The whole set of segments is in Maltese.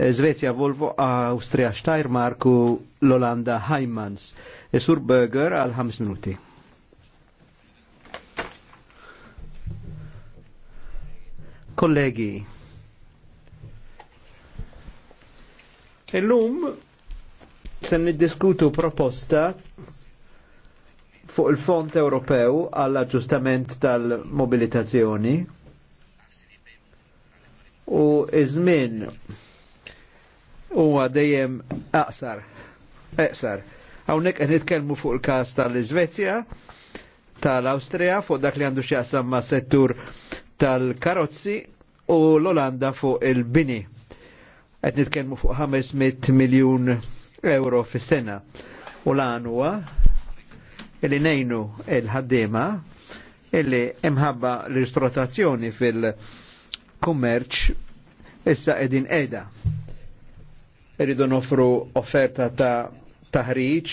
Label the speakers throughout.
Speaker 1: Eh, Svezja Volvo, Austria Steiermark u l-Olanda Heimans. Isur eh, Berger għal 5 minuti. Kollegi, illum se niddiskutu proposta fuq il-Fond Ewropew għall aġġustament tal-mobilitazzjoni u iż-żmien huwa dejjem aqsar. Eqsar. Hawnhekk qed nitkellmu fuq il-każ tal-Iżvezja, tal-Awstrija fuq dak li għandu x'jaqsam ma' settur tal-karozzi u l-Olanda fuq il-bini. Qed nitkellmu fuq 500 miljun euro fis-sena. U l-għan huwa li nejnu il-ħaddiema illi imħabba l istrotazzjoni fil-kummerċ issa edin edha rridu nofru offerta ta' taħriġ,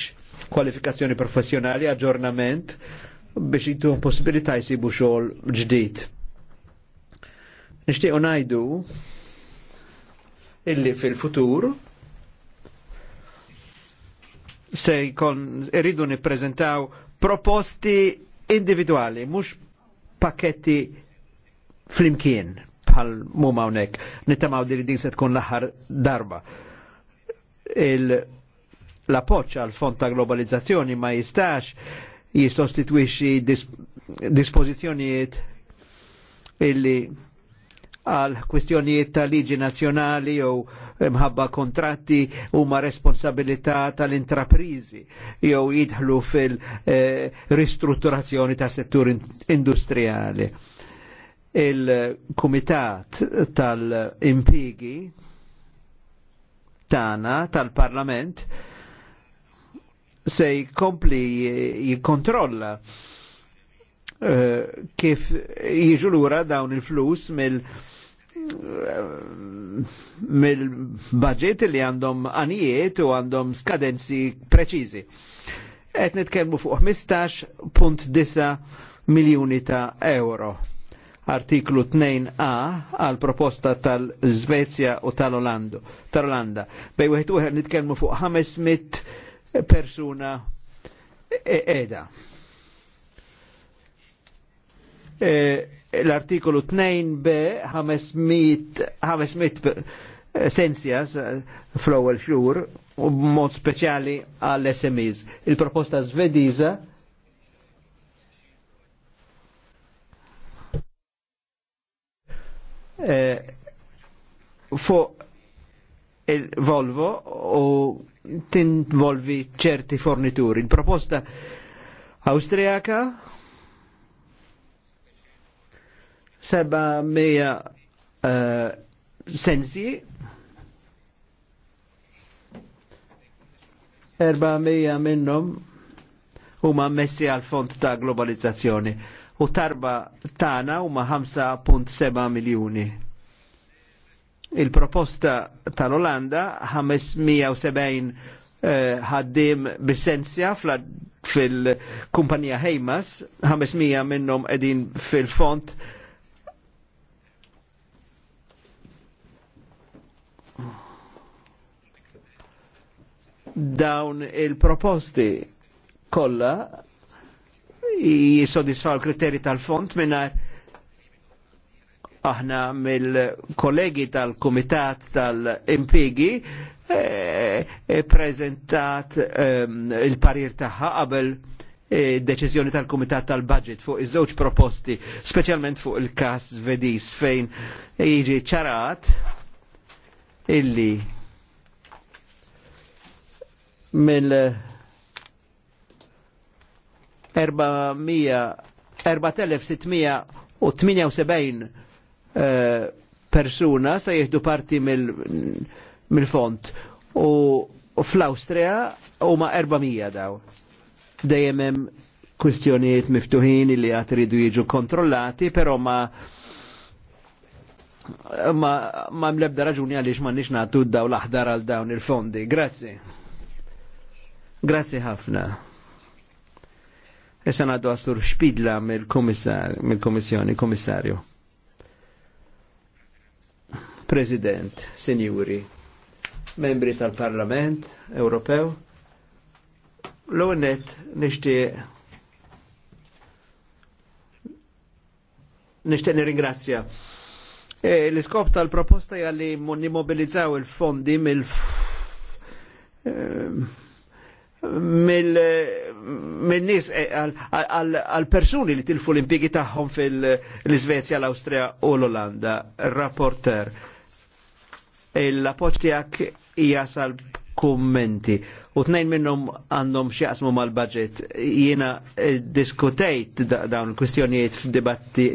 Speaker 1: kwalifikazzjoni professjonali, aġġornament biex jintu possibilità jisibu xogħol ġdid. Nixtiequ ngħidu illi fil-futur se jkun irridu nippreżentaw proposti individuali, mhux pakketti flimkien bħal mumma hawnhekk. Nittamaw li din se tkun l-aħħar darba l-appoċ għal fond ta' globalizzazzjoni ma jistax jistostitwixi disp dispozizjonijiet illi għal kwestjonijiet ta' liġi nazjonali jew mħabba kontratti huma responsabilità tal-intraprizi jew jidħlu fil-ristrutturazzjoni eh, ta' settur industrijali. Il-Kumitat tal-Impigi Tana tal-Parlament se jkompli jikkontrolla eh, kif jiġu lura dawn il-flus mill eh, mill-budget li għandhom anijiet u għandhom skadenzi preċizi. Et nitkellmu fuq 15.9 miljoni ta' euro artiklu 2a għal proposta tal-Svezja u tal-Olanda. Tal Bej wieħed uħed nitkellmu fuq 500 persuna edha. l artiklu 2b 500, 500 sensjas fl-ewwel xhur u mod speċjali għall-SMEs. Il-proposta Svediża Eh, fuq il-Volvo u tinvolvi ċerti fornituri. Il-proposta Austriaka 700 uh, eh, sensi 400 minnhom huma messi għal fond ta' globalizzazzjoni u tarba tana u ma 5.7 miljoni. Il-proposta tal-Olanda 570 eh, ħaddim eh, bisensja fil-kumpanija Heimas, 500 minnom edin fil-font dawn il-proposti kolla jisodisfaw l-kriteri tal-font minnar aħna mill-kollegi tal-Kumitat tal-Impigi e, prezentat ehm, il-parir taħħa qabel eh, deċiżjoni tal-Kumitat tal-Budget fuq iż-żewġ proposti, speċjalment fuq il-kas Vedis fejn jiġi ċarat illi mill- 4678 eh, persuna se jieħdu parti mill-font u fl-Austria huma 400 daw. Dejjem hemm kwistjonijiet miftuħin li għat ridu jiġu kontrollati, però ma ma ma mlebda raġuni għaliex ma nix natu daw l-aħdar għal dawn il-fondi. Grazzi. Grazzi ħafna. Issa għaddu għasur xpidla mill-komissjoni, komissarju. President, senjuri, membri tal-Parlament Ewropew, l-għonet nishti nishti nirringrazzja. E, L-iskop tal-proposta jgħalli mobilizzaw il-fondi mill- e, mill minnis eh, għal persuni li tilfu l-impigi tagħhom fil-Svezja, l-Austria u l-Olanda. Rapporter, l-appoġġ tijak jasal kummenti u tnejn minnhom għandhom xi jaqsmu mal-budget. Jiena eh, diskutejt dawn il-kwistjonijiet f'dibatti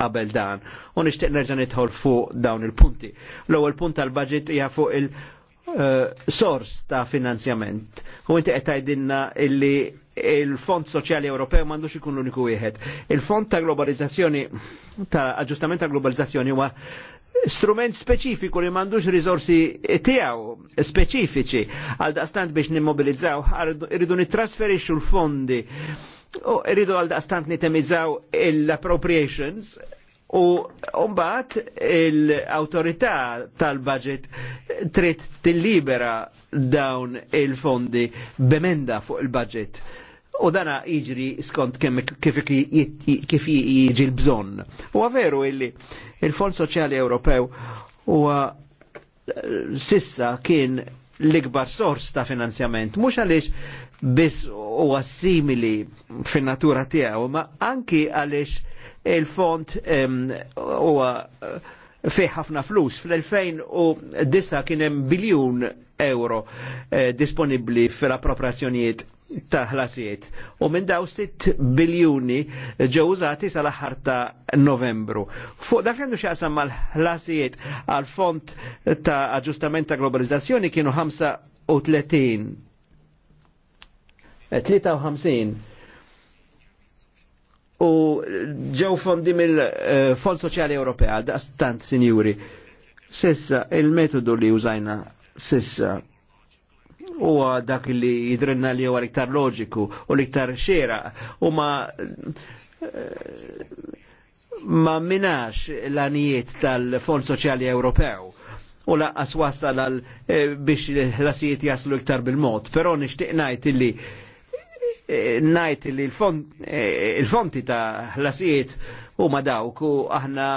Speaker 1: qabel dan u nixtieq nerġa' nidħol fuq dawn il-punti. L-ewwel punt tal-budget hija fuq il- eh, sors ta' finanzjament. U inti qed tgħidilna illi il-Fond Soċjali Ewropew m'għandux ikun l-uniku wieħed. Il-Fond ta' Globalizzazzjoni ta' aġġustament ta' globalizzazzjoni huwa strument speċifiku li m'għandux risorsi tiegħu speċifiċi għal daqstant biex nimmobilizzaw, irridu nittrasferixxu l-fondi u irridu għal daqstant nitemizzaw l-appropriations u mbagħad l-awtorità tal-budget trid tillibera dawn il-fondi bemenda fuq il-budget U dana jiġri skont kif jiġi l-bżonn. U veru illi il-Fond Soċjali Ewropew huwa eh, sissa kien l-ikbar sors ta' finanzjament, mhux għaliex biss huwa simili fin-natura tiegħu, ma anki għaliex il-fond huwa eh, fih ħafna flus. Fl-2009 kien hemm biljun euro eh, disponibbli fil-appropriazzjonijiet ta' ħlasijiet. U minn daw 6 biljuni ġew sal-aħħar ta' Novembru. Fuq dak għandu xaqsam mal-ħlasijiet għal font ta' aġġustament ta' globalizzazzjoni kienu 35. 53. Eh, u ġew fondi mill-Fond eh, Soċjali Ewropea, da' stant, sinjuri. Sissa, il-metodu li użajna sissa u dak li jidrinna li huwa l-iktar loġiku u l-iktar xera u ma eh, ma minax l-anijiet tal-Fond Soċjali Ewropew u laqqas wasal għal eh, biex l-asijiet jaslu iktar bil-mod. Pero nishtiq najt li eh, najt li l-fonti ta' l-asijiet u ma dawk u aħna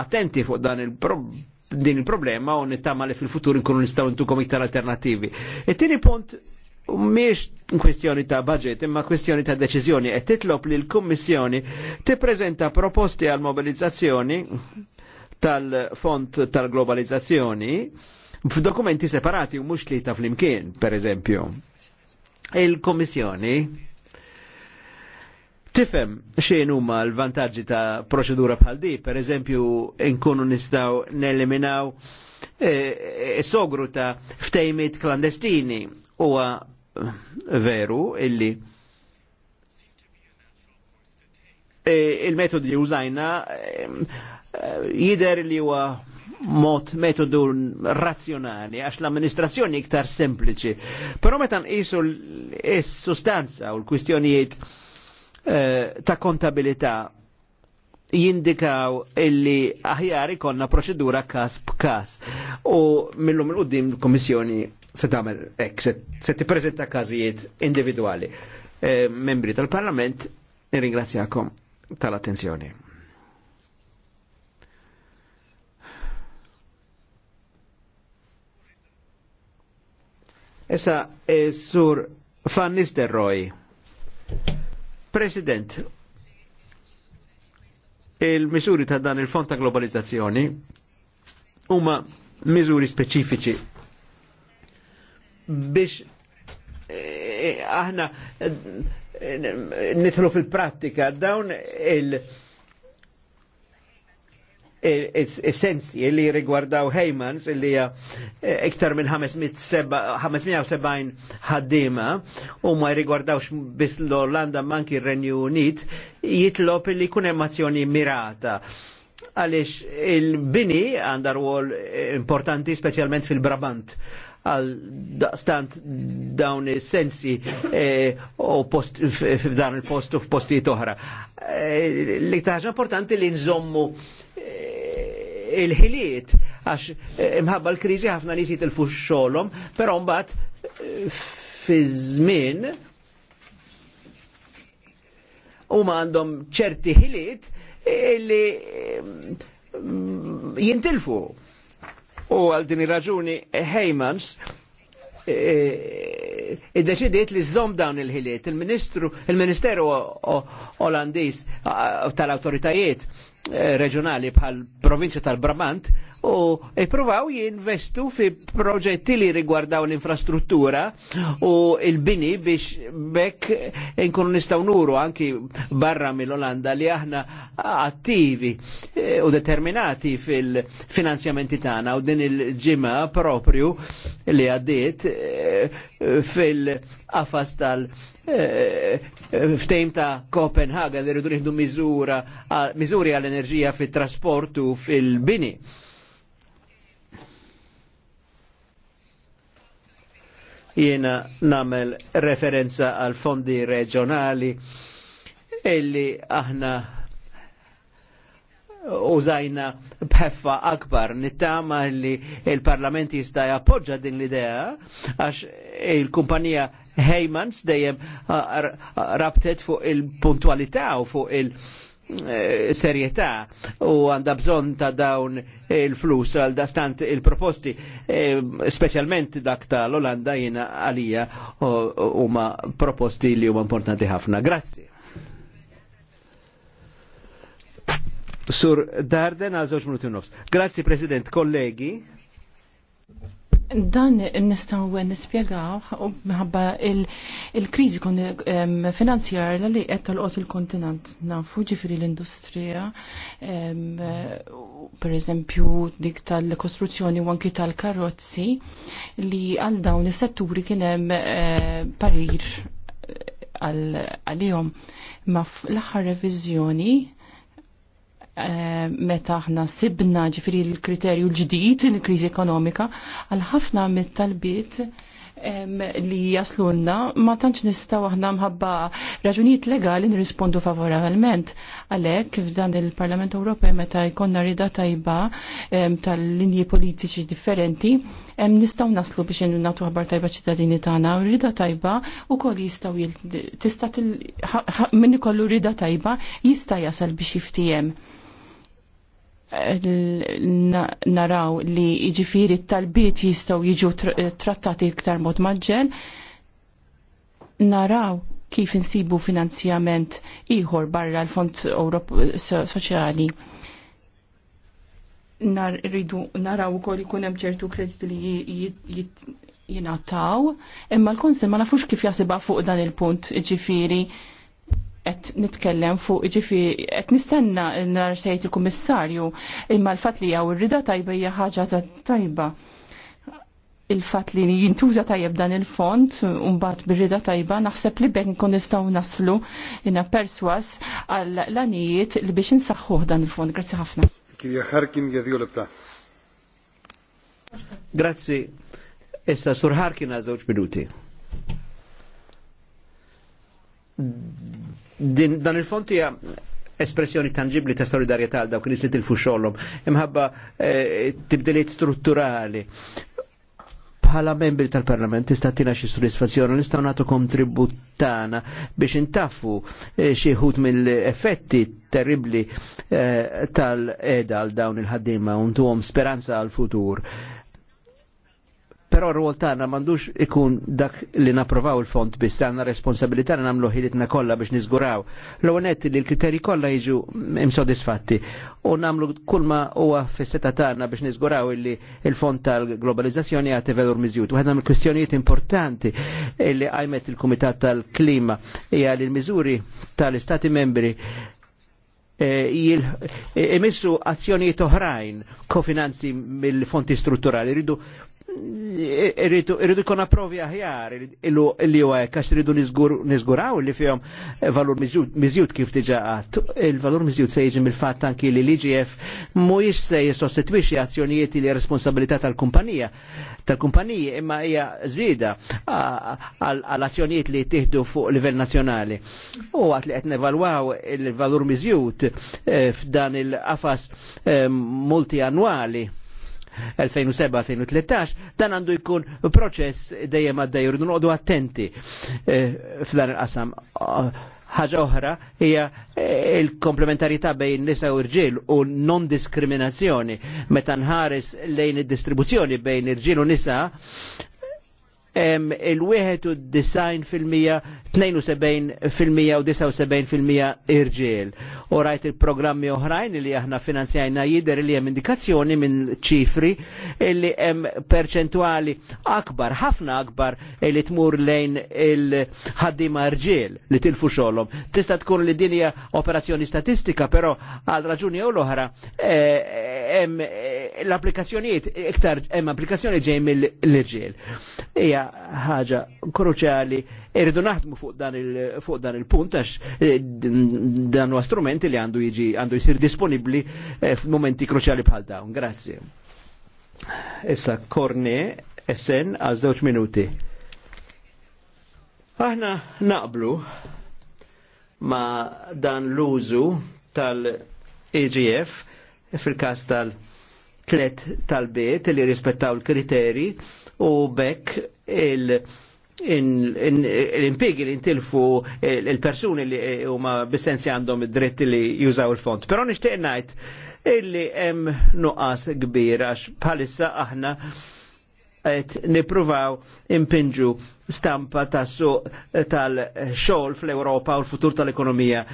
Speaker 1: attenti fuq dan il-problem din il-problema u nittama li fil-futur nkunu nistaw intukom iktar alternativi. It-tieni e punt miex kwestjoni ta' budget, imma kwestjoni ta' deċiżjoni, qed titlob li l-Kummissjoni tippreżenta proposti għal mobilizzazzjoni tal-font tal-globalizzazzjoni f'dokumenti separati u mhux li ta' flimkien, per eżempju. Il-Kommissjoni e tifem xejn huma l-vantaġġi ta' proċedura bħal di, per eżempju nkunu nistgħu neliminaw s eh, eh, sogru ta' ftejmit klandestini huwa eh, veru illi il-metodi li użajna jider li huwa mod metodu razzjonali għax l-amministrazzjoni iktar sempliċi. Però meta nqisu s-sustanza u l-kwistjonijiet Eh, ta' kontabilità jindikaw illi aħjar ikonna proċedura kas b'kas. U millum l qoddim komissjoni se tagħmel ek, se tippreżenta każijiet individwali. E, membri tal-Parlament, nirringrazzjakom tal-attenzjoni. Essa e, eh, sur de Roy. President, il-misuri ta' dan il-fond ta' globalizzazzjoni huma miżuri speċifiċi biex eh, aħna eh, nitlu fil-prattika dawn il- essenzi li rigwardaw Heymans li hija eh, iktar minn 570 ħaddima u ma rigwardawx biss l-Olanda manki r-Renju Unit jitlob li kun emazzjoni mirata għaliex il-bini għandar wol eh, importanti specialment fil-Brabant għal stant dawn is-sensi u e, post, f'dan il-post u f'postijiet oħra. E, li taħġa importanti li nżommu e, il-ħiliet għax e, imħabba l-kriżi ħafna nies jitilfu xogħolhom, però mbagħad fi żmien huma għandhom ċerti ħiliet li jintilfu U għal din raġuni eh, Heymans eh, eh, id-deċidiet li zom dawn il-ħiliet. Il-Ministru, il-Ministeru Olandiż tal-Autoritajiet Reġjonali bħal Provinċja tal-Bramant u ipruvaw jinvestu fi proġetti li rigwardaw l-infrastruttura u il-bini biex bekk nkunu nistaw nuru anki barra mill-Olanda li aħna attivi e, u determinati fil-finanzjamenti tagħna u din il-ġimgħa propju li għaddiet e, fil-qafas tal- e, ftejm ta' Copenhagen li rridu nieħdu miżuri għall-enerġija fit trasportu fil-bini. jiena namel referenza għal fondi reġjonali illi aħna użajna bħeffa akbar nittama li il-parlament jista' jappoġġa din l-idea għax il-kumpanija Heymans dejjem rabtet fuq il-puntualità u fuq il-, -puntualità, fu il Eh, serjetà u għanda bżon ta' dawn il-flus għal dastant il-proposti, eh, specialment dak ta' l olanda jina għalija u ma' proposti li huma importanti ħafna. Grazzi. Sur Darden għal żewġ minuti Grazzi President, kollegi.
Speaker 2: Dan nistaw nispiegaw minħabba il-krizi kon finanzjar li qed tolqot il-kontinent nafu ġifiri l-industrija per eżempju dik tal-kostruzzjoni u anki tal-karozzi li għal dawn is-setturi kien hemm eh, parir għalihom ma l aħħar reviżjoni Eh, meta aħna sibna ġifiri l-kriterju l-ġdid il-kriżi ekonomika, għal ħafna mit-talbiet li jaslunna ma tantx nistaw aħna mħabba raġunijiet legali nirrispondu favorevolment. Għalhekk kif dan il-Parlament Ewropew meta jkollna rida tajba tal-linji politiċi differenti, nistgħu naslu biex nagħtu ħabar tajba ċittadini tagħna u rida tajba wkoll jistgħu tista' min ikollu rida tajba jista' jasal biex jiftijem naraw li iġifiri tal-bit jistaw jiġu trattati iktar mod maġġel, naraw kif insibu finanzjament iħor barra l-Fond Soċjali. Nar, naraw ukoll ikun hemm ċertu kredit li jingħataw, imma l-Kunsel ma nafux kif jasibha fuq dan il-punt, ġifiri qed nitkellem fuq ġifi qed nistenna nar sejt il-kummissarju imma l-fatt li hawn ir-rida tajba hija ħaġa ta' tajba. Il-fatt li jintuża tajjeb dan il-font mbagħad bir-rida tajba naħseb li bekk nkun nistgħu naslu inna perswas għal lanijiet li biex insaħħuh dan il-font. Grazzi
Speaker 1: ħafna. Kirja Harkin jedju Grazzi. Issa Sur Harkin għal minuti din, dan il-fond hija espressjoni tangibli ta' solidarjetà għal dawk li slit il-fu imħabba eh, tibdiliet strutturali. Bħala membri tal-Parlament tista' tina xi soddisfazzjoni nistgħu nagħtu kontribut tagħna biex intaffu eh, xi ħut mill-effetti terribli eh, tal-qeda għal dawn il-ħaddiema u ntuhom speranza għal-futur Però r-rol tagħna m'għandux ikun dak li napprovaw il-fond biss għandna responsabilità li nagħmlu ħilitna kollha biex niżguraw. L-onet li l-kriterji kollha jiġu imsodisfatti u nagħmlu kull ma huwa fis-seta tagħna biex niżguraw illi il-fond tal-globalizzazzjoni għati velur miżjut. Waħda mill-kwistjonijiet importanti li għajmet il-Kumitat tal-Klima hija li l-miżuri tal-Istati membri eh, eh, emissu azzjonijiet oħrajn kofinanzi mill-fonti strutturali. Ridu irridu kon approvi aħjar li huwa hekk għax irridu niżguraw li fihom valur miżjud kif diġà għat. Il-valur miżjud se jiġi mill-fatt anki li l-IGF mhuwiex se jissostitwixxi azzjonijiet li responsabilità tal-kumpanija tal-kumpaniji imma hija żieda għal azzjonijiet li jittieħdu fuq livell nazzjonali. U għat li qed nevalwaw il-valur miżjud eh, f'dan il-qafas eh, annwali. 2007-2013 dan għandu jkun proċess dejjem għaddej urdu noqdu attenti eh, f'dan il-qasam. Ħaġa oħra hija eh, il-komplementarità bejn nisa u rġiel u non-diskriminazzjoni meta nħares lejn id-distribuzzjoni bejn irġiel u nisa il-wieħed u design fil-mija, 72 fil-mija u 79 fil-mija irġiel. U rajt il-programmi oħrajn li aħna finanzjajna jider li hemm indikazzjoni minn ċifri li hemm perċentwali akbar, ħafna akbar li tmur lejn il-ħaddima irġiel li tilfu xogħolhom. Tista' tkun li din hija operazzjoni statistika, però għal raġuni u l-oħra eh, hemm l-applikazzjonijiet iktar hemm applikazzjoni ġej mill-irġiel. Ija, ħaġa kruċjali irridu naħdmu fuq dan il-punt il għax eh, dan huwa strumenti li għandu jiġi għandu jsir disponibbli eh, f'momenti kruċjali bħal dawn. Grazzi. Issa Korne Essen għal żewġ minuti. Aħna naqblu ma dan l-użu tal-EGF fil-kas tal-tlet tal-biet li rispettaw l-kriteri u bekk il- l-impiegi li ntilfu il-persuni eh, li eh, huma bisensi għandhom id dritti li jużaw il-font. Però nixtieq ngħid illi hemm nuqqas kbir għax bħalissa aħna qed nippruvaw impinġu stampa ta' suq eh, tal-xogħol fl-Ewropa u l-futur tal-ekonomija.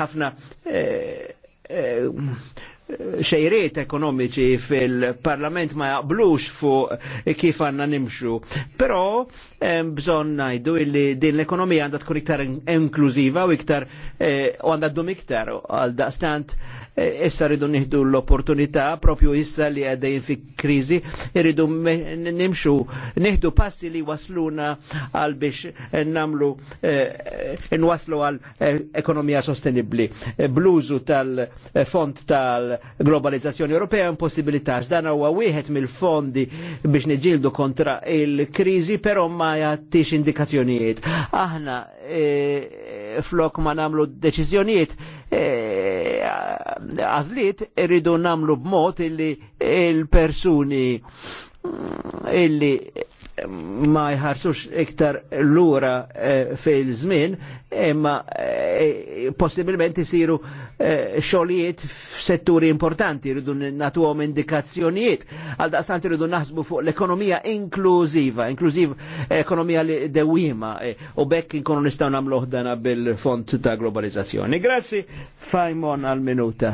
Speaker 1: Ħafna xejriet ekonomiċi fil-parlament ma jaqblux fuq kif għanna nimxu. Però bżon najdu illi din l-ekonomija għandha tkun iktar inklużiva u iktar eh, u għandha d-dum iktar għal daqstant eh, issa rridu nieħdu l-opportunità propju issa li għaddejn fi kriżi irridu nimxu nieħdu passi li wasluna għal biex eh, namlu nwaslu għal ekonomija sostenibbli. Bluzu tal-font tal globalizzazzjoni Ewropea impossibilità dan huwa wieħed mill-fondi biex niġildu kontra il-kriżi però ma jagħtix indikazzjonijiet. Aħna e, flok ma nagħmlu deċiżjonijiet e, għażliet irridu nagħmlu b'mod illi il-persuni illi ma jħarsux iktar l-ura e, fil-żmien, imma possibilment isiru Eh, xogħlijiet f'setturi importanti, rridu nagħtuhom indikazzjonijiet. Għal daqsant rridu naħsbu fuq l-ekonomija inklużiva, inklużiv ekonomija li dewima eh, u bekk inkunu nistgħu nagħmlu bil-fond ta' globalizzazzjoni. Grazzi, Fajmon għal-minuta.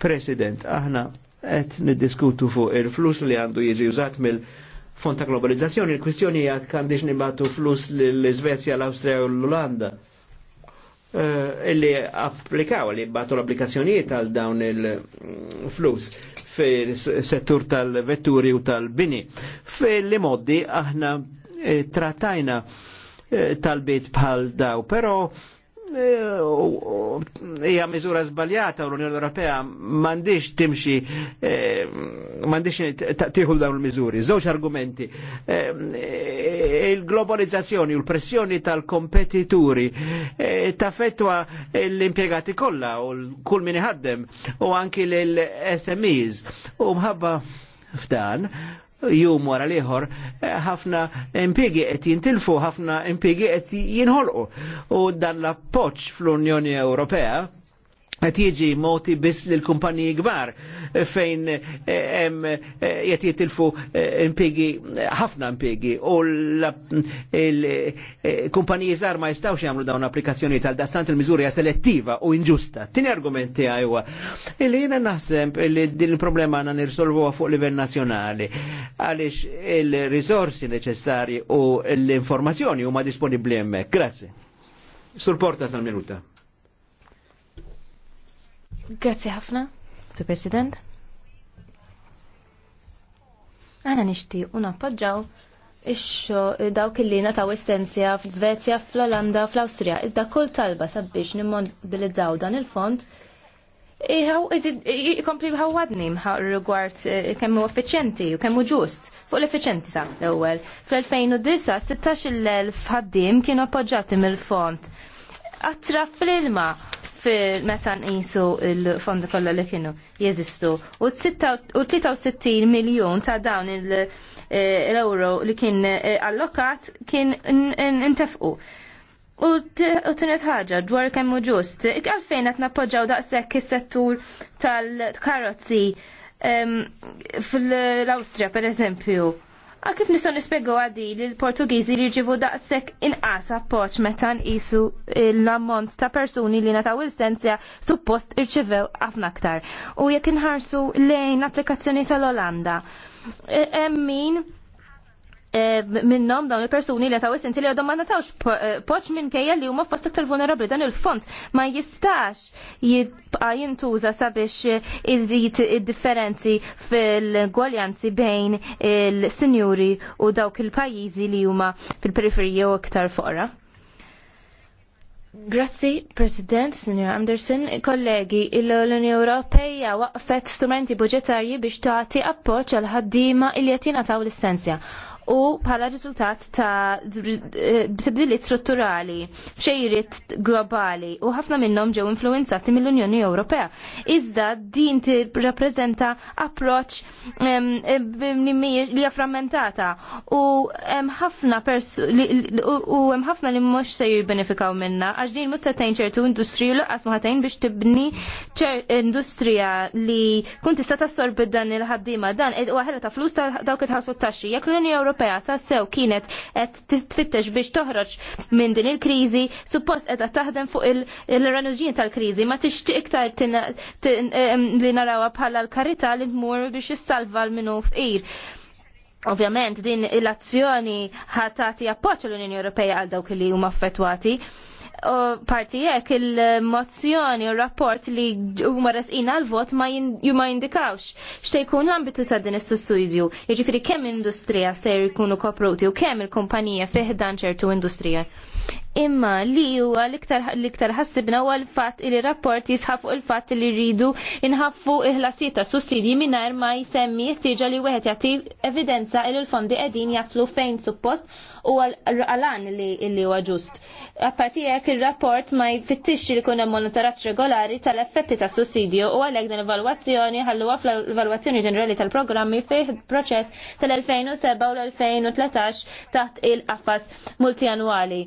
Speaker 1: President, aħna qed niddiskutu fuq il-flus li għandu jiġi użat mill- fond ta' globalizzazzjoni, il-kwistjoni hija għandix nibatu flus l-Svezja, l-Awstrija u l-Olanda. Eh, illi applikaw, li batu l-applikazzjonijiet tal dawn il-flus fil-settur tal-vetturi u tal-bini. Fil-li moddi aħna eh, trattajna eh, tal-bit bħal daw, pero Eh, hija miżura żbaljata u l-Unjoni Ewropea m'għandix timxi eh, m'għandix tieħu dawn il-miżuri. Żewġ argumenti. Eh, il-globalizzazzjoni u l-pressjoni tal-kompetituri tafettwa l-impjegati kollha u kull min iħaddem u anki l-SMEs u mħabba f'dan jum wara liħor, eh, ħafna impiegi qed jintilfu, ħafna impiegi qed jinħolqu. U dan l-appoġġ fl-Unjoni Ewropea qed jiġi moti biss lil kumpaniji kbar fejn eh, hemm qed eh, jitilfu eh, ħafna impigi u l-kumpaniji żgħar ma jistgħux jagħmlu dawn applikazzjoni tal dastant il-miżuri selettiva u inġusta. Tieni argumenti għajwa. Illi jiena naħseb li din il-problema għandna nirsolvuha fuq livell nazzjonali għaliex il-risorsi neċessarji u l-informazzjoni huma disponibbli hemmhekk. Grazzi. Surporta porta sal-minuta.
Speaker 3: Grazzi ħafna, Sur President. Għana nishti unappoġġaw Ixxo, daw li nataw essenzja fl-Svezja, fl-Olanda, fl-Austria, iżda kull talba sabiex nimmobilizzaw dan il-fond, jikompli ħawadni rigward eh, kemmu effiċenti u kemmu ġust fuq l-effiċenti sa' l-ewel. Fl-2009, 16 ħaddim kienu appoġġati mill-fond. Attra fl-ilma meta nqisu il-fondi kollha li kienu jeżistu. U 63 miljun ta' dawn eh, l-euro li kien eh, allokat kien intefqu. U t-tunet ħagġa dwar kemm hu ġust, għalfejn qed nappoġġaw daqshekk is-settur tal-karozzi fl-Awstrija pereżempju A kif nistgħu nispjegaw għadi li l-Portugiżi li jġivu daqshekk inqas appoġġ meta nqisu l-ammont ta' persuni li nataw il-sensja suppost irċivew ħafna aktar. U jekk inħarsu lejn applikazzjoni tal-Olanda. E, Emmin Eh, minnom dawn il-persuni li tawis inti li għadhom ma natawx eh, poċ minn kejja li huma fost aktar vulnerabli dan il-fond ma jistax jibqa jintuża sabiex eh, iżid id-differenzi fil-gwaljanzi bejn il-sinjuri u dawk il-pajjiżi li huma fil-periferija u iktar foqra. Grazzi, President, Signor Anderson, kollegi, l-Unjoni Ewropeja waqfet strumenti budgetarji biex tagħti appoġġ għal ħaddiema li qed jingħataw l-istensja u bħala riżultat ta' eh, tibdiliet strutturali f'xejriet globali u ħafna minnhom ġew influenzati mill-Unjoni Ewropea. Iżda din tirrappreżenta approċ li frammentata u hemm ħafna u hemm ħafna li mhux se jibbenefikaw minna għax din mhux se ċertu industriju laqas ma biex tibni industrija li kun tista' tassorbi dan il-ħaddiema dan u eh, ta' flus ta' dawk it-ħassu taxxi. Jekk l-Unjoni Ewropea tassew kienet qed titfittex biex toħroġ minn din il-kriżi, suppost qiegħda taħdem fuq il-raġun tal-kriżi, ma tixtieq iktar li narawha bħala l-karità li tmur biex issalva l-minu f'qir. Ovvjament din l-azzjoni ħatati appoġġ l-Unjoni Ewropea għal dawk li huma affettwati. Parti jekk il-mozzjoni u rapport li huma resqina għal-vot ma jindikawx x'te jkun l-ambitu ta' din is-sussidju. Jiġifieri kemm industrija se jkunu kopruti u kemm il-kumpanija fih dan ċertu industrija imma li huwa l-iktar ħassibna huwa l-fatt li rapport jisħaf l il-fatt li rridu inħaffu il-ħlasijiet ta' sussidji mingħajr ma jsemmi ħtieġa li wieħed jagħti evidenza li l-fondi qegħdin jaslu fejn suppost u għalan li huwa ġust. Apparti hekk ir-rapport ma jfittix li jkun hemm monitoraġġ regolari tal-effetti ta' sussidju u għalhekk din evalwazzjoni ħalluha fl-evalwazzjoni ġenerali tal-programmi fih proċess tal-2007 u l-2013 taħt il-qafas multianwali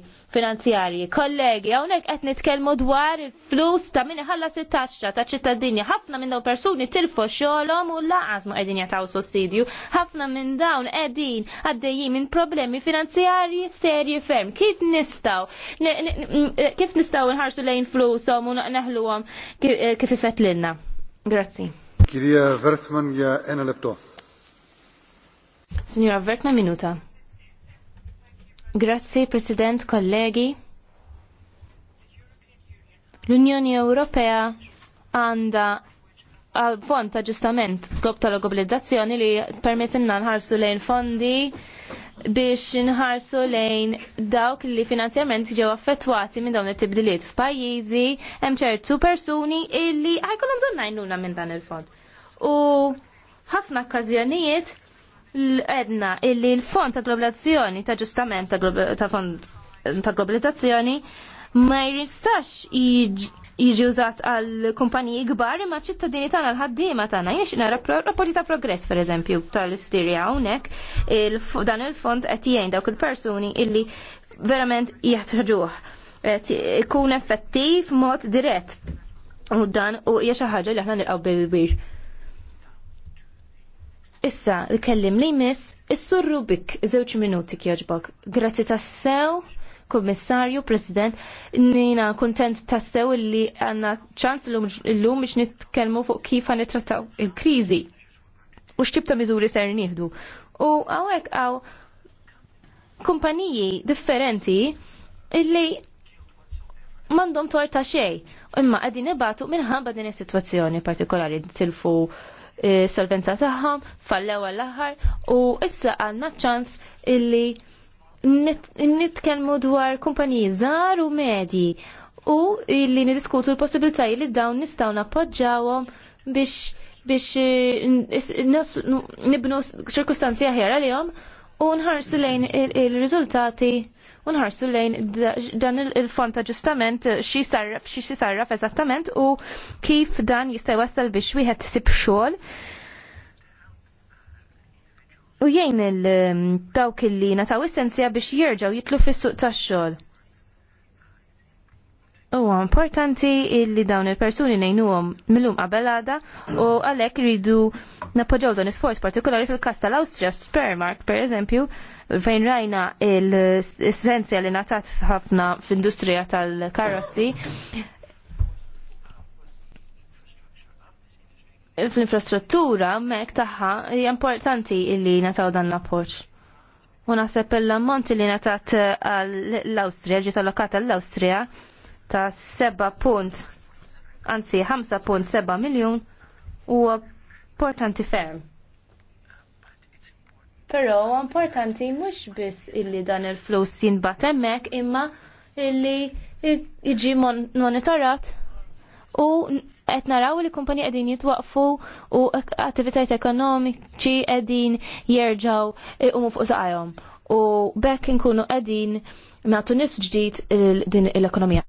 Speaker 3: finanzjarji. Kollegi, hawnhekk qed nitkellmu dwar il-flus ta' min iħalla taċċa ta' ċittadini. Ħafna minn dawn persuni tilfo xogħolhom u laqas ma qegħdin jataw sussidju. Ħafna minn dawn qegħdin għaddejjin minn problemi finanzjarji serji ferm. Kif nistgħu eh, kif nistaw nħarsu lejn flushom u neħluhom eh, kif l-inna? Grazzi.
Speaker 2: Kirija Vertman ja ena lepto.
Speaker 3: Signora Vertman minuta. Grazzi, President, kollegi. L-Unjoni Ewropea għanda fond ta' ġustament glob tal-globalizzazzjoni li permettinna nħarsu lejn fondi biex nħarsu lejn dawk li finanzjament ġew affettwati minn dawn it-tibdiliet f'pajjiżi hemm ċertu persuni illi ħajkollhom żonnajnuna minn dan il-fond. U ħafna okkażjonijiet l-edna illi l-fond ta' globalizzazzjoni, ta' ġustament ta' fond ta' globalizzazzjoni, ma jistax jiġi użat għal kumpaniji kbar imma ċittadini tagħna l-ħaddiema tagħna jiex nara rapporti ta' progress pereżempju tal istiria hawnhekk dan il-fond qed jgħin dawk il-persuni illi verament jaħtħġuh ikun effettiv mod dirett u dan u hija xi ħaġa li aħna nilqgħu bil-bir. Issa, l kellim li jmiss, is-surru bik, zewċ minuti kjoġbok. Grazzi tassew, kommissarju, president, nina kontent tassew li għanna ċans l-lum biex nitkelmu fuq kif għan nitrattaw il-krizi. U xtibta miżuri ser nieħdu. U għawek għaw kumpaniji differenti illi mandom torta xej. Imma għadin ibatu minħabba din is-situazzjoni partikolari tilfu solvenza taħħa, fallew għall-aħħar u issa għandna ċans illi nitkellmu dwar kumpaniji zar u medji u illi nidiskutu l-possibilitajiet li dawn nistgħu nappoġġawhom biex biex nibnu ċirkustanzi aħjar għalihom u nħarsu lejn il-riżultati u nħarsu lejn dan il font ta' ġustament eh, xi sarraf eżattament u kif dan jista' wassal biex wieħed sib xogħol. U jgħin il-dawk eh, il-li nataw essenzja biex jirġaw jitlu fis-suq tax-xogħol. Huwa importanti illi dawn il-persuni ngħinuhom millum qabelada u għalhekk ridu nappoġġaw dan isforz partikolari fil-każ tal-Awstrija Spermark pereżempju fejn rajna l-essenzja li natat ħafna f'industrija tal-karozzi fl-infrastruttura mek taħħa hija importanti illi nataw dan l-appoġġ. U naħseb l-ammonti li natat l-Awstrija, ġiet allokata l-Awstrija, ta' 7 punt, anzi 5.7 miljon huwa importanti ferm. Però importanti mhux biss illi dan il-flus jinbat hemmhekk imma illi iġi monitorat u qed naraw li kumpani qegħdin jitwaqfu u attivitajiet ekonomiċi qegħdin jerġgħu iqumu fuq saqajhom. U bekk inkunu qegħdin nagħtu nis ġdid din l-ekonomija.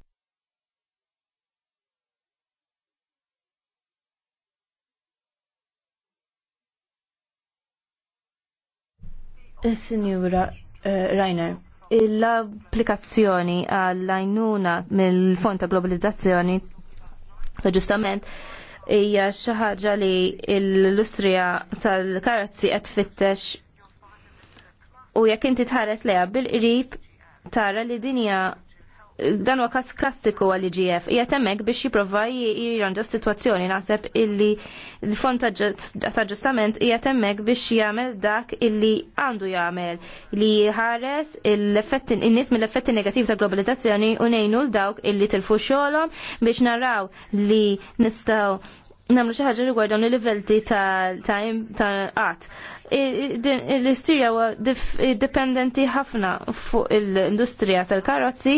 Speaker 3: Signora eh, Rainer, l-applikazzjoni għall-għajnuna mill-fond ta' globalizzazzjoni ta' ġustament hija xi ħaġa li l lustrija tal-karozzi qed tfittex u jekk inti tħares leha bil-qrib tara li dinja dan huwa kas klassiku għal IGF hija temmek biex jipprova jirranġa s-sitwazzjoni naħseb illi l-fond ta' ġustament hija temmek biex jagħmel dak illi għandu jagħmel li ħares l-effetti in-nies mill-effetti negattiv ta' globalizzazzjoni u ngħinu l dawk illi tilfu xogħolhom biex naraw li nistgħu nagħmlu xi ħaġa rigward dawn il ta' ta' qatt l-istrija huwa dipendenti ħafna fuq l-industrija tal-karozzi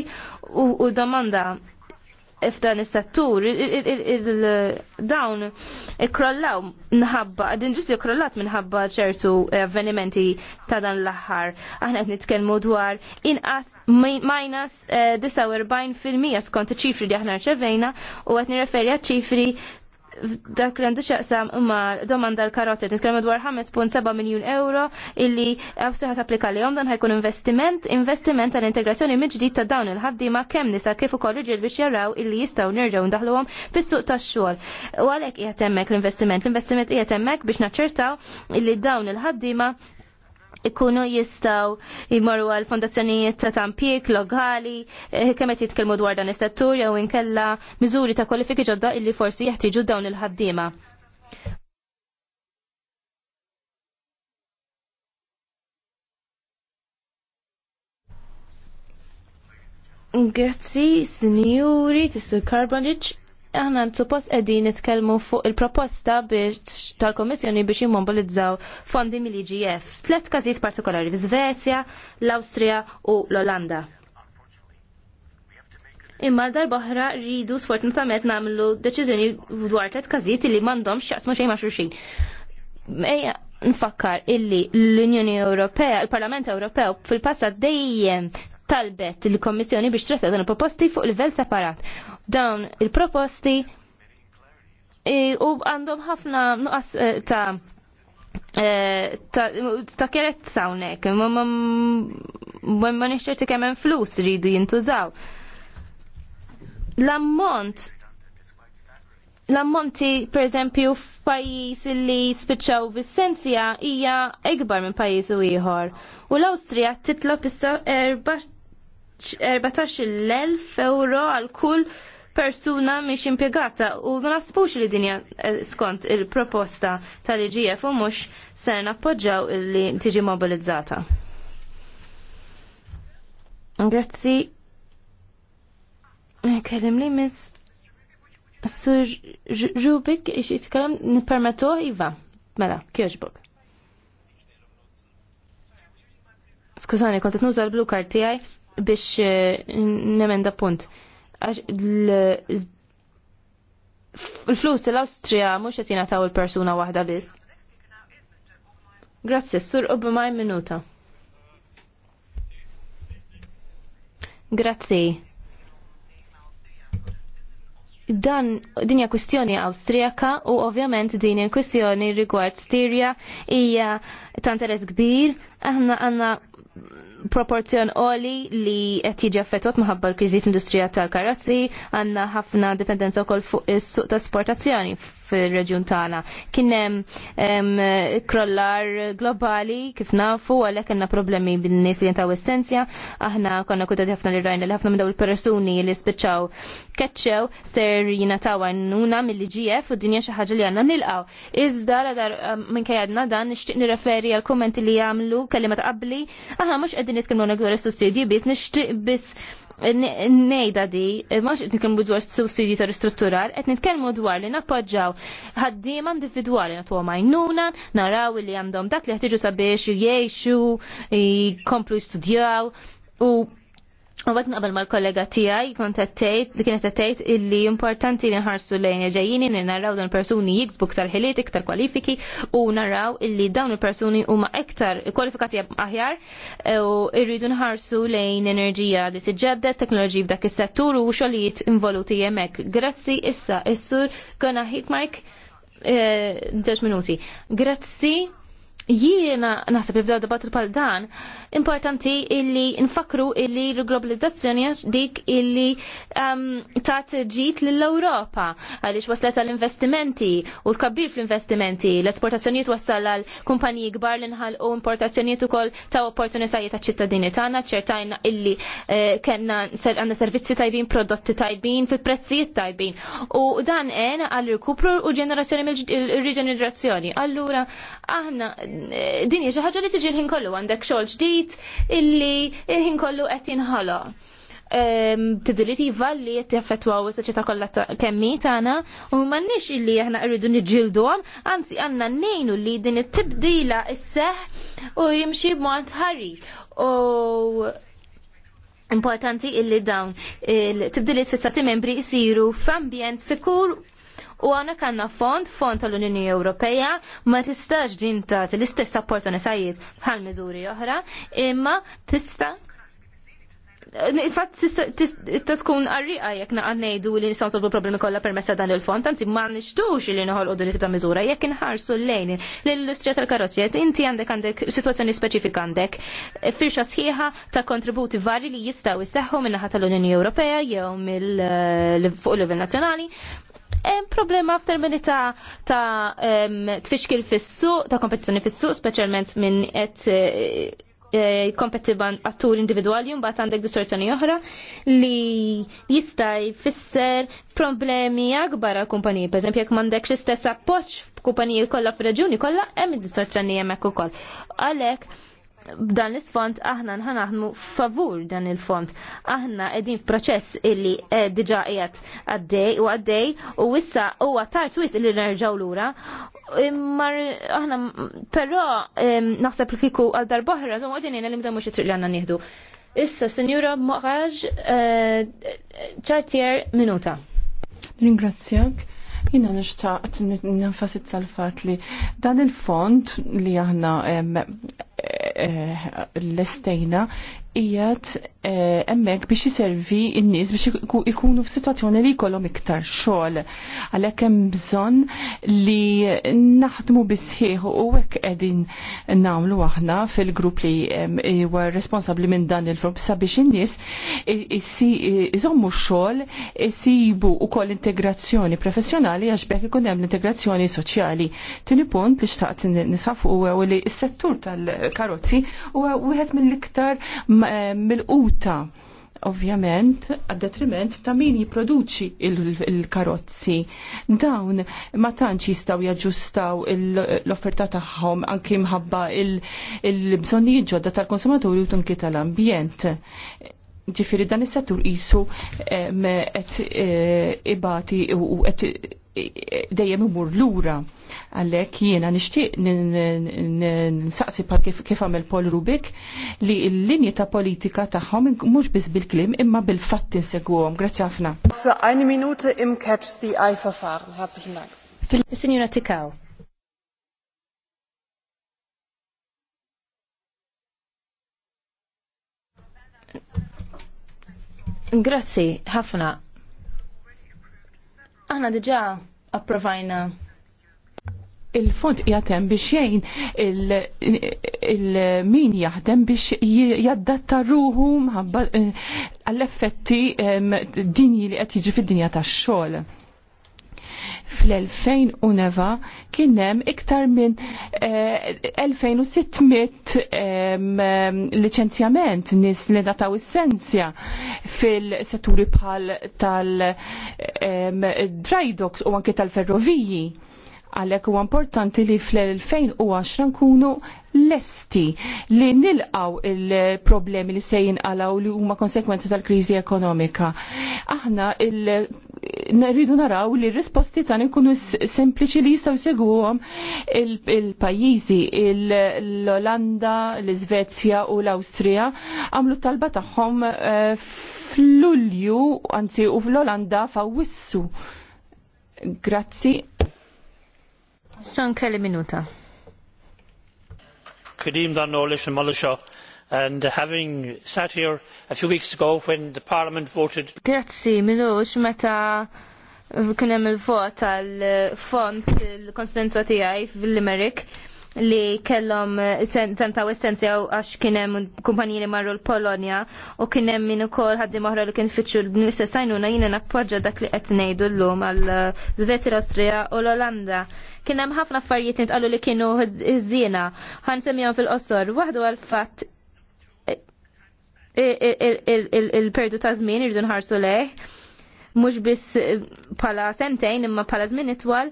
Speaker 3: u domanda f'dan is-settur dawn ikrollaw minħabba din ġusti krollat minħabba ċertu avvenimenti ta' dan l-aħħar. Aħna qed nitkellmu dwar inqas minus 49% eh, skont iċ-ċifri li aħna rċevejna u qed nirreferi għat-ċifri dak li għandu xaqsam umma domanda l-karotzi, nitkellmu dwar 5.7 miljun euro illi għafsu għas applika li dan ħajkun investiment, investiment tal-integrazzjoni mill-ġdid ta' dawn il ma' kemm nisa kif ukoll riġiel biex jaraw illi jistgħu nerġgħu ndaħluhom fis-suq tax-xogħol. U għalhekk jgħatemmek hemmhekk l-investiment, l-investiment jgħatemmek hemmhekk biex naċċertaw illi dawn il ma' ikunu jistaw jmorru għal fondazzjonijiet ta' tampik, lokali, eh, kemm qed jitkellmu dwar dan is-settur jew inkella miżuri ta' kwalifiki ġodda illi forsi jeħtieġu dawn il-ħaddiema. Grazzi, signori, tissu Karbonic aħna suppost qegħdin nitkellmu fuq il-proposta biex tal komissjoni biex jimmobilizzaw fondi mill-IGF. Tlet każijiet partikolari f'Svezja, l-Awstrija u l-Olanda. Imma darboħra rridu sfortunatament nagħmlu deċiżjoni dwar tlet każijiet li m'għandhom x'jaqsmu xejn ma' xulxin. Ejja, nfakkar illi l-Unjoni Ewropea, il-Parlament Ewropew fil-passat dejjem talbet il komissjoni biex tressa dan il-proposti fuq livell separat dawn il-proposti u għandhom ħafna nuqqas ta' ta' kerezza unek, ma' nixċerti kemmen flus ridu jintużaw. L-ammont l-ammonti per eżempju f'pajis li spiċċaw bis-sensija hija ikbar minn pajjiż u ieħor. U l-Awstrija titlob issa 14,000 euro għal kull persuna miex impiegata u ma nasbux li dinja eh, skont il-proposta tal-IGF u mux se nappoġġaw li tiġi mobilizzata. Grazzi. Kellim li miss Sur Rubik ix jitkellem nipermetu Iva. Mela, kjoġbog. Skużani, kont nuża l-blu card tiegħi biex eh, nemenda punt il-flus l-Austria mux qed jingħataw il-persuna waħda biss. Grazie, sur Obama minuta. Grazzi. Dan dinja kwistjoni Awstrijaka u ovvjament din il-kwistjoni rigward Stirja hija tanteres kbir aħna għandna proporzjon oli li qed jiġi affettwat minħabba l-kriżi fl-industrija tal-karozzi, għandna ħafna dipendenza wkoll fuq is-suq ta' esportazzjoni fil-reġjun tagħna. Kien hemm krollar globali kif nafu għalhekk għandna problemi bin-nies li jintaw essenzja, aħna konna kuta' ħafna li rajna li ħafna minn dawn il-persuni li spiċċaw keċċew ser jingħataw għannuna mill ġief u dinja xi ħaġa li għandna nilqgħu. Iżda la dar minkejja għadna dan nixtieq nirreferi għal kummenti li jagħmlu kelli ma qabli, aħna mhux qegħdin nitkellmu dwar is-sussidji biss nixtieq biss nejda di, mux nitkellmu dwar subsidi ta' ristrutturar, qed nitkellmu dwar li nappoġġaw ħaddiema individwali nagħtuhom għajnuna, naraw li għandhom dak li ħtiġu sabiex jgħixu, jkomplu jistudjaw u U għad naqbel mal kollega tijaj, kontattajt, li kienet għattajt illi importanti li nħarsu lejn ġajjini li narraw dawn personi jiksbu ktar ħiliet, iktar kwalifiki u narraw illi dawn il-personi huma iktar kwalifikati aħjar u irridu nħarsu lejn enerġija li tiġġedded, teknoloġi f'dak is-settur u xogħlijiet involuti hemmhekk. Grazzi issa, is-sur Gona Hikmark, ġewġ eh, minuti. Grazzi Jiena naħseb li f'dan dibattu bħal dan, importanti illi nfakru illi l-globalizzazzjoni għax dik illi um, tat ġit lill-Ewropa għaliex waslet għal investimenti u tkabbir fl-investimenti, l-esportazzjonijiet wassal għal kumpaniji kbar li nħalqu importazzjonijiet ukoll ta' opportunitajiet ta' ċittadini tagħna ċertajna illi uh, eh, kellna għandna servizzi tajbin, prodotti tajbin, fil-prezzijiet tajbin. U dan għen għal rikupru u ġenerazzjoni mill-riġenerazzjoni. Allura aħna din hija xi ħaġa li tiġi l-ħin kollu għandek xogħol ġdid illi l-ħin kollu qed jinħala. Ehm, tibdiliet iva li qed jaffettwaw is-soċjetà kollha kemmi tagħna u m'għandniex illi aħna rridu għam, anzi għandna nnejnu li din it-tibdila s-seħ u jimxi b'mod ħari. U importanti illi dawn il-tibdiliet fissati membri jisiru f'ambjent sikur U għana kanna fond, fond tal-Unjoni Ewropeja, ma tistax din ta' l-istess opportunitajiet bħal miżuri oħra, imma tista' Infatt, tista tkun għarriqa għajek na għannejdu li nistaw solvu problemi kolla permessa dan il-fond, anzi ma nishtux li nħol u ta' mizura, jek nħarsu l-lejn l-illustrija tal-karozziet, inti għandek għandek situazzjoni specifika għandek firxa sħiħa ta' kontributi vari li jistaw jisseħħu minnaħat tal-Unjoni Ewropea jew mill fuq livell nazzjonali Hemm problema f'termini ta' ta' tfixkil fis-suq, ta' kompetizzjoni fis-suq, speċjalment minn qed eh, eh, kompetiban attur individuali un għandek distorzjoni oħra li jista' jfisser problemi akbar għal kumpaniji. Per eżempju, jekk m'għandekx stess appoġġ f'kumpaniji kollha f'reġuni kollha hemm id-distorzjoni hemmhekk ukoll. Għalhekk b'dan l-isfond aħna nħanaħnu favur dan il-fond. Aħna edin f'proċess illi diġa qiegħed għaddej u għaddej u issa huwa tard wis illi nerġa'w lura. Mar aħna però naħseb li kiku għal darboħra, żom għadin jena li mda mux it-triq li għanna nieħdu. Issa, senjura Moħaġ,
Speaker 2: ċartier minuta. Ringrazzjak. Jina nishtaqt n-enfasizza l-fat li dan il-font li aħna l-estejna ijat eh, emmek biex jiservi n-nis biex ikunu f-situazzjoni li kolom iktar xol. Għalek hemm bżon li naħdmu bisħiħ u għek edin namlu aħna fil-grupp li huwa responsabli minn dan il-grupp sabiex n-nis jizommu xol jisibu u koll integrazzjoni professjonali għax bekk ikun hemm l-integrazzjoni soċjali. Tini punt li xtaqt nisaf u li s-settur tal- karozzi huwa wieħed mill-iktar eh, mill-quta ovvjament għad-detriment ta' min jiproduċi il-karozzi. Dawn ma tantx jistaw jaġġustaw l-offerta tagħhom anke mħabba il-bżonnijiet ġodda tal-konsumaturi u tunki tal-ambjent. Ġifiri dan is-settur qisu eh, qed eh, ibati u qed dejjem imur lura. Għallek jiena nixtieq nsaqsi pa kif għamel Paul Rubik li l-linji ta' politika tagħhom mhux biss bil-klim imma bil-fatt insegwhom. Grazzi ħafna. Für eine Minute im Catch the Eye Verfahren. Herzlichen Dank. Grazzi, ħafna.
Speaker 3: Aħna diġà approvajna
Speaker 2: il-fond jatem biex jgħin il-min jaħdem biex jaddatta ruħu eh, għall-effetti eh, dinji li qed jiġi fid-dinja tax-xogħol fl-2000 neva kien hemm iktar minn 2600 eh, nis li nataw essenzja fil-setturi bħal tal drydox u anke tal-ferroviji Għalek u importanti li fl-2010 nkunu lesti li nilqaw il-problemi li sejn għalaw li huma konsekwenza tal-krizi ekonomika. Aħna il- rridu naraw li risposti tan ikunu sempliċi li jistaw segwuhom il-pajjiżi, l-Olanda, l-Iżvezja u l-Awstrija għamlu talba tagħhom eh, fl-Lulju, anzi u fl-Olanda fawissu. Grazzi, and having sat here a few weeks ago when the parliament voted
Speaker 3: Grazzi Milux meta kien hemm il-vot tal-fond il-konsensu tiegħi fil-Limerick li kellhom sentaw essenzja għax kien hemm kumpaniji li marru l-Polonja u kien hemm min ukoll ħaddim oħra li kien fitxu l-istess għajnuna jiena nappoġġa dak li qed ngħidu llum għall-Svezja, l-Awstrija u l-Olanda. Kien hemm ħafna affarijiet intqalu li kienu iż-żiena. Ħansemmihom fil-qosor. Waħdu għal-fatt il-perdu ta' żmien irridu nħarsu leh, mhux biss bħala sentejn imma bħala żmien itwal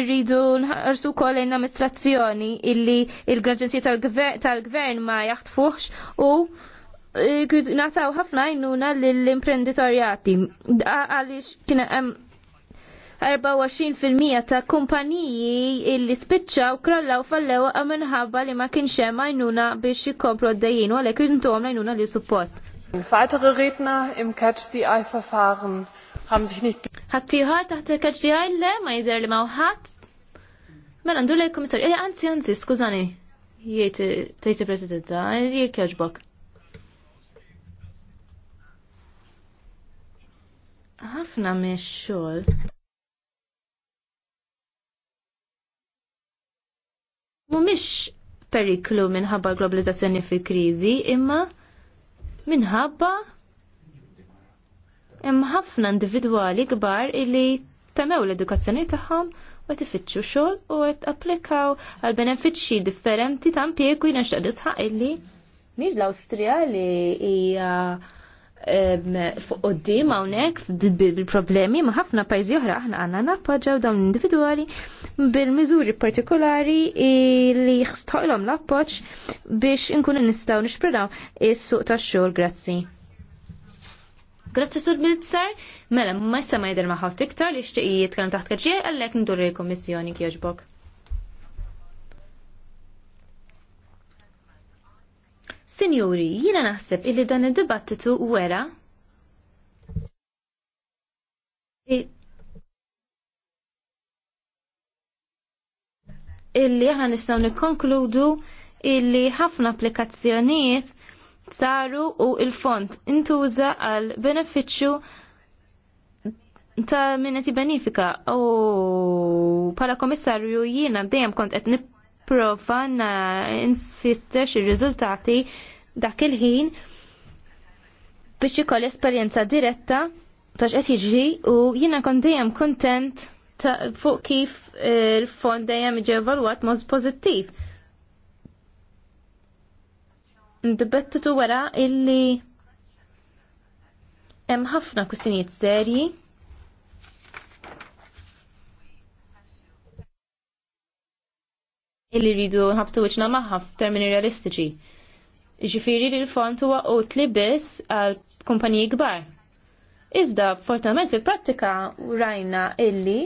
Speaker 3: irridu nħarsu kol amministrazzjoni illi il graġenzji tal-gvern ma jaħtfuħx u eh, nataw ħafna jnuna l-imprenditorjati. Għalix kien 24% ta' kumpaniji illi spiċċaw krallaw fallew minħabba li ma kienx hemm għajnuna biex jikomplu d-dejjin u għalhekk intom għajnuna li suppost. Weitere Redner im Catch the Eye Verfahren haben sich nicht. Habt Ħaddieħor taħt il-Catch the Eye le mein der li mawħat. Mela ndur lejn komissar, eh anzi anzi, skużani, Jete, tete Presidenta, president jgħid ah, jogħġbok. ħafna mix xogħol. mhumiex periklu minħabba l-globalizzazzjoni fi kriżi imma minħabba hemm ħafna individwali kbar illi tamew l-edukazzjoni tagħhom u qed ifittxu xogħol u qed applikaw għal benefiċċji differenti ta' impjegu jien xtaqt illi mhix l-Awstrija li hija uh, fuq qoddim hawnhekk bil-problemi ma' ħafna pajjiżi oħra aħna għandna nappoġġaw dawn individwali bil-miżuri partikolari li jistħolhom l-appoġġ biex inkunu nistgħu nixpredaw is-suq tax-xogħol grazzi. Grazzi sur Bilzer, mela ma jista' ma jidher maħaw tiktar li xtieq jitkellem taħt kaċċija għalhekk nduri il-Kummissjoni kieġbok. Sinjuri, jina naħseb illi dan id-dibattitu wera illi aħna nistgħu nikkonkludu illi ħafna applikazzjonijiet saru u il-font intuża għal benefiċċju ta' minneti benifika u pala komissarju jiena dejjem kont qed Prova na nsfittex ir-riżultati dak il-ħin biex ikoll esperjenza diretta ta' x'qed u jiena kont dejjem kontent fuq kif eh, il-fond dejjem iġi evalwat mod pożittiv. Ndibettitu wara illi hemm ħafna kwistjonijiet serji illi rridu nħabtu wiċna maħħa f'termini realistiċi. Ġifiri li l-font huwa utli biss għal kumpaniji kbar. Iżda, fortament fi prattika rajna illi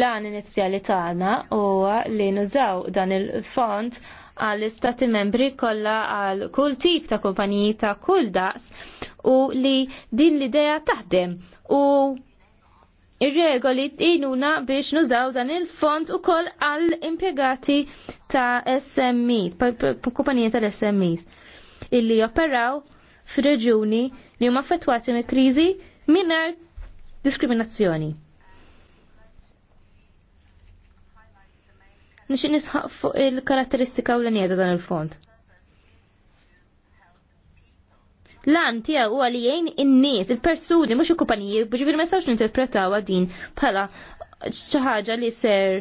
Speaker 3: lan inizjali tagħna huwa li nużaw dan il-font għall istati membri kollha għal kull tip ta' kumpaniji ta' kull daqs u li din l-idea taħdem u Ir-regoli tinuna biex nużaw dan il-fond u koll għall-impiegati ta' SMI, e, kumpanija tal-SMI, illi operaw f'reġuni li huma affettwati mill kriżi mingħajr diskriminazzjoni. Nixi nisħaq fuq il-karatteristika u l nieda dan il-fond. Lan tiegħu huwa li jgħin in-nies, il-persuni mhux il-kumpaniji, ġifieri ma jistgħux ninterpretawha din bħala xi ħaġa li ser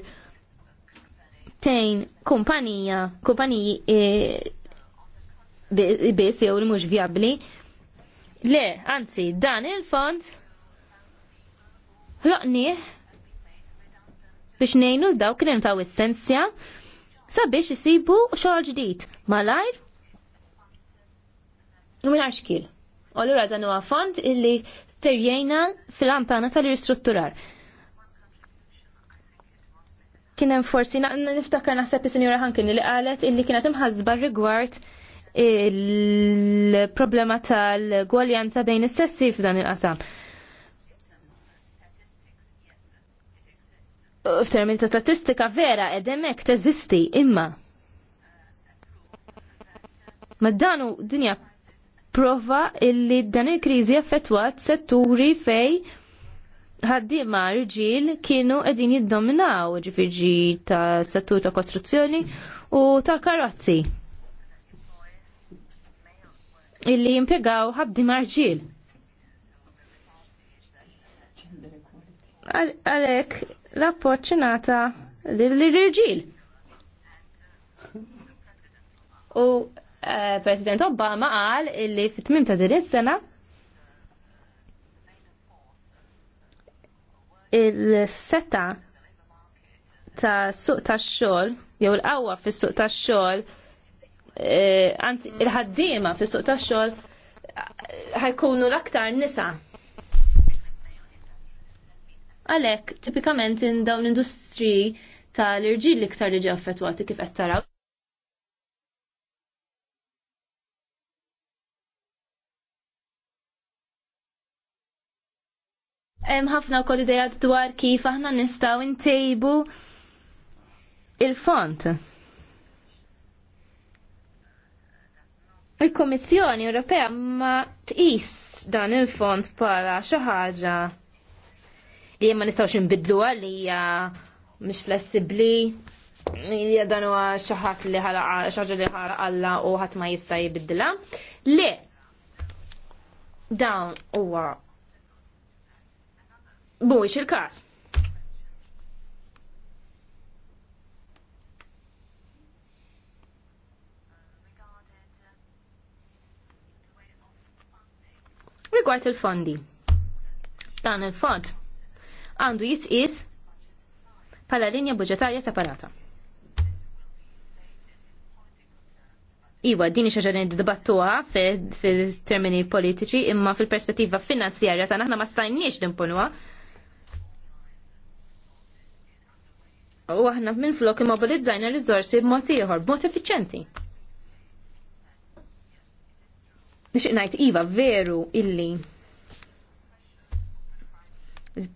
Speaker 3: tejn kumpanija, kumpaniji eh, biss jew li mhux vjabbli. Le, anzi, dan il-fond loqnieh biex nejnu l-daw kien taw essenzja sabiex jisibu xogħol ġdid malajr minn xkil. U allura dan huwa fond illi terjena fil-ampana tal-ristrutturar. Kien hemm forsi niftakar naħseb is senjura Hankin li qalet illi kienet imħazba rigward il-problema tal-gwaljanza bejn is-sessi f'dan il-qasam. F'termin ta' statistika vera edemek teżisti imma. Ma danu dinja prova illi dan il-kriżi affettwat setturi fej ħaddiema rġil kienu qegħdin jiddominaw ġifiġi ta' settur ta' kostruzzjoni u ta' karozzi illi jimpiegaw ħaddiema rġil. għalek l-appoċ nata l rġil U Eh, President Obama qal illi fit-tmim ta' din is-sena il-seta ta' suq tax-xogħol, jew l-qawwa fis suq tax-xogħol, eh, anzi il-ħaddiema fis suq tax-xogħol eh, ħajkunu l-aktar nisa. Għalek, tipikament in dawn industri tal-irġil liktar li ġew affettwati kif qed taraw. hemm ħafna wkoll idejat dwar kif aħna nistgħu ntejbu il-font. il komissjoni Ewropea ma tqis dan il-font bħala xi ħaġa li ma nistgħux inbidlu għalija mhix flessibbli hija dan huwa xi ħadd li ħalaqa xi ħaġa li ħalaqa Alla u ħadd ma jista' jibidla. Le dawn huwa mhuwiex il-każ. Rigward il-fondi. Dan il-fond għandu jitqis pala linja budġetarja separata. Iwa, din xaġa li dibattuha fil-termini politiċi imma fil-perspettiva finanzjarja ta' naħna ma stajniex nimponuha u aħna minn flok immobilizzajna rizorsi b'mod ieħor, b'mod effiċenti. Nixtieq ngħid iva veru illi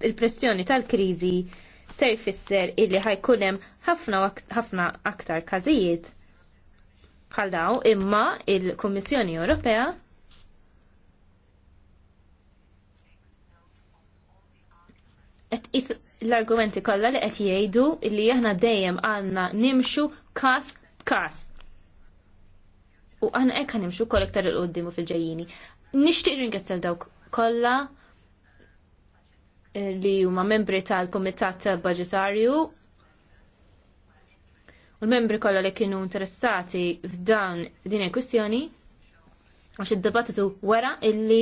Speaker 3: il-pressjoni tal-kriżi se jfisser illi ħajkun hemm ħafna aktar każijiet bħal daw imma il-Kummissjoni Ewropea qed l-argumenti kollha li qed jgħidu li aħna dejjem għandna nimxu każ b'każ. U aħna hekk nimxu wkoll iktar il qoddimu fil-ġejjini. Nixtieq ringrazzjal dawk kollha li huma membri tal-Kumitat Budgetarju u l-membri kollha li kienu interessati f'dan din il-kwistjoni għax id-dibattitu wara illi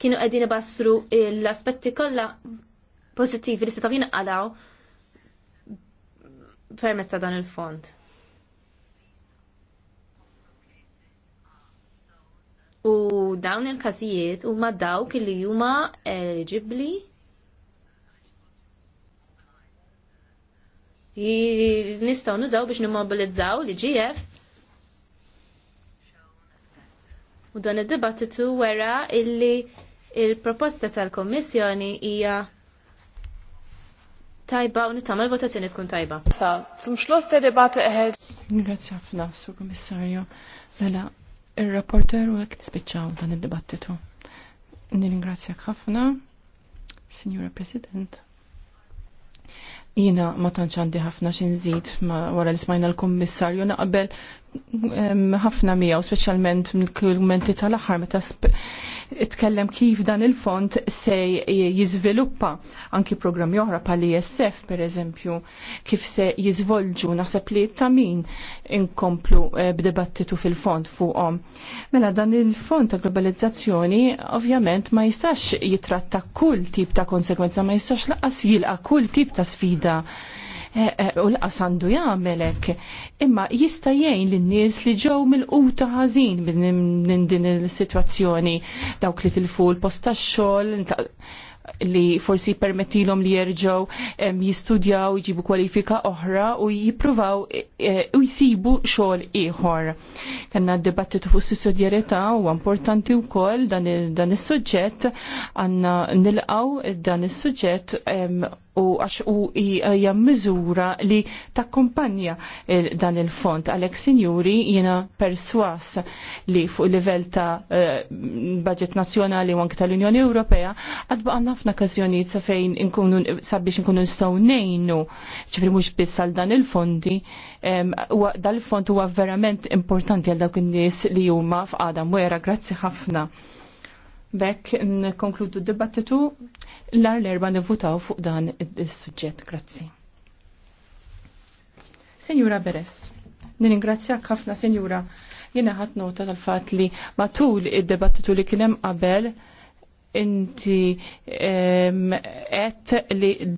Speaker 3: kienu qegħdin ibassru l-aspetti kollha pozittivi li setaw jinqalaw permess ta' dan il-fond. U dawn il-każijiet huma dawk li huma eligibbli nistgħu nużaw biex nimmobilizzaw li GF U dan id-dibattitu wera illi il-proposta tal komissjoni hija tajba u nittamal l-votazzjoni tkun tajba. Sa, zum schluss te debate eħed.
Speaker 2: Grazie ħafna, Sur Kommissarju. Mela, il-rapporter u għek tispiċċaw dan il nil Nirringrazzjak ħafna, Signora President. Jina ma tanċandi ħafna xinżid ma wara li smajna l-Kummissarju naqbel ħafna miegħu speċjalment mill kulmenti tal-aħħar meta itkellem kif dan il-fond se jiżviluppa anki programmi oħra bħal ISF pereżempju kif se jiżvolġu naħseb li tamin min inkomplu eh, b'dibattitu fil-fond fuqhom. Mela dan il-fond ta' globalizzazzjoni ovvjament ma jistax jitratta kull tip ta' konsekwenza, ma jistax laqas jilqa kull tip ta' sfida Eh, eh, u l-qasandu jagħmelek. Imma jista' jgħin lin-nies li ġew mill-quta ħażin minn din il-sitwazzjoni dawk li tilfu l-post tax-xogħol li forsi permettilhom li jerġgħu jistudjaw, jġibu kwalifika oħra u jippruvaw eh, u jsibu xogħol ieħor. Kanna d-dibattitu fuq sussidjarjetà huwa importanti wkoll dan is-suġġett għandna nilqgħu dan is-suġġett u għax u hija miżura li takkumpanja eh, dan il-fond. Għalhekk sinjuri jiena perswas li fuq livell ta' eh, budget nazzjonali u anke tal-Unjoni Ewropea għad baqa' ħafna okkażjonijiet sa fejn inkunu sabiex inkunu nistgħu ngħinu ċifri mhux biss għal dan il-fondi dal-fond huwa verament importanti għal dawk in-nies li huma f'qadam wera. Grazzi ħafna. Bekk nkonkludu d-dibattitu l-ar l-erba nivvutaw fuq dan il-sujġet. Grazzi. Senjura Beres, ningrazzjak ħafna Senjura jena ħat nota tal-fat li matul id-debattitu li kienem qabel inti qed li